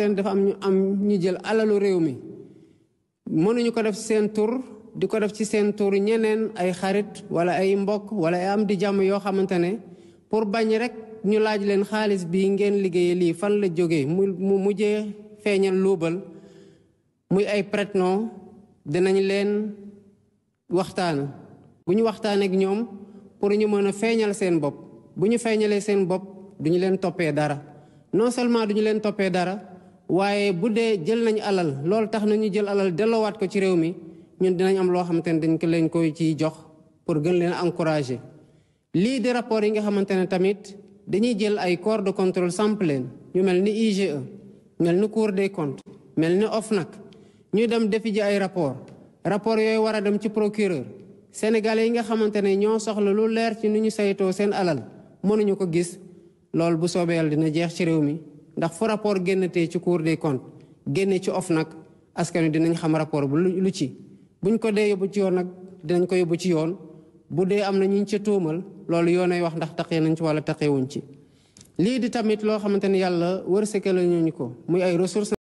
xamante ne dafa am ñu am ñu jël alalu réew mi mënuñu ko def seen tur di ko def ci seen tur ñeneen ay xarit wala ay mbokk wala ay am di jàmm yoo xamante ne pour bañ rek ñu laaj leen xaalis bi ngeen liggéeyee lii fan la jógee mu mu mujjee feeñal luubal muy ay prête-nom dinañ leen waxtaan bu ñu waxtaan ak ñoom pour ñu mën a feeñal seen bopp bu ñu feeñalee seen bopp duñu leen toppee dara non seulement duñu leen toppee dara waaye bu dee jël nañu alal loolu tax na ñu jël alal delloowaat ko ci réew mi ñun dinañ am loo xamante ne dañ ko leen koy ciy jox pour gën leen encourager lii di rapport yi nga xamante ne tamit dañuy jël ay corps de contrôle samp leen ñu mel ni IGE mel ni Cour de comptes mel ni nag ñu dem defi ay rapport rapport yooyu war a dem ci procureur sénégalais yi nga xamante ne ñoo soxla lu leer ci ni ñu saytoo seen alal mënuñu ko gis loolu bu soobee yàlla dina jeex ci réew mi ndax fu rapport génnatee ci cour des comptes génne ci nag askan wi dinañ xam rapport bu lu ci buñ ko dee yóbbu ci yoon nag dinañ ko yóbbu ci yoon bu dee am na ñu ca tuumal loolu yoonay wax ndax taqee nañ ci wala wuñ ci lii di tamit loo xamante ni yàlla wërsëgal lañu ñu ko muy ay ressources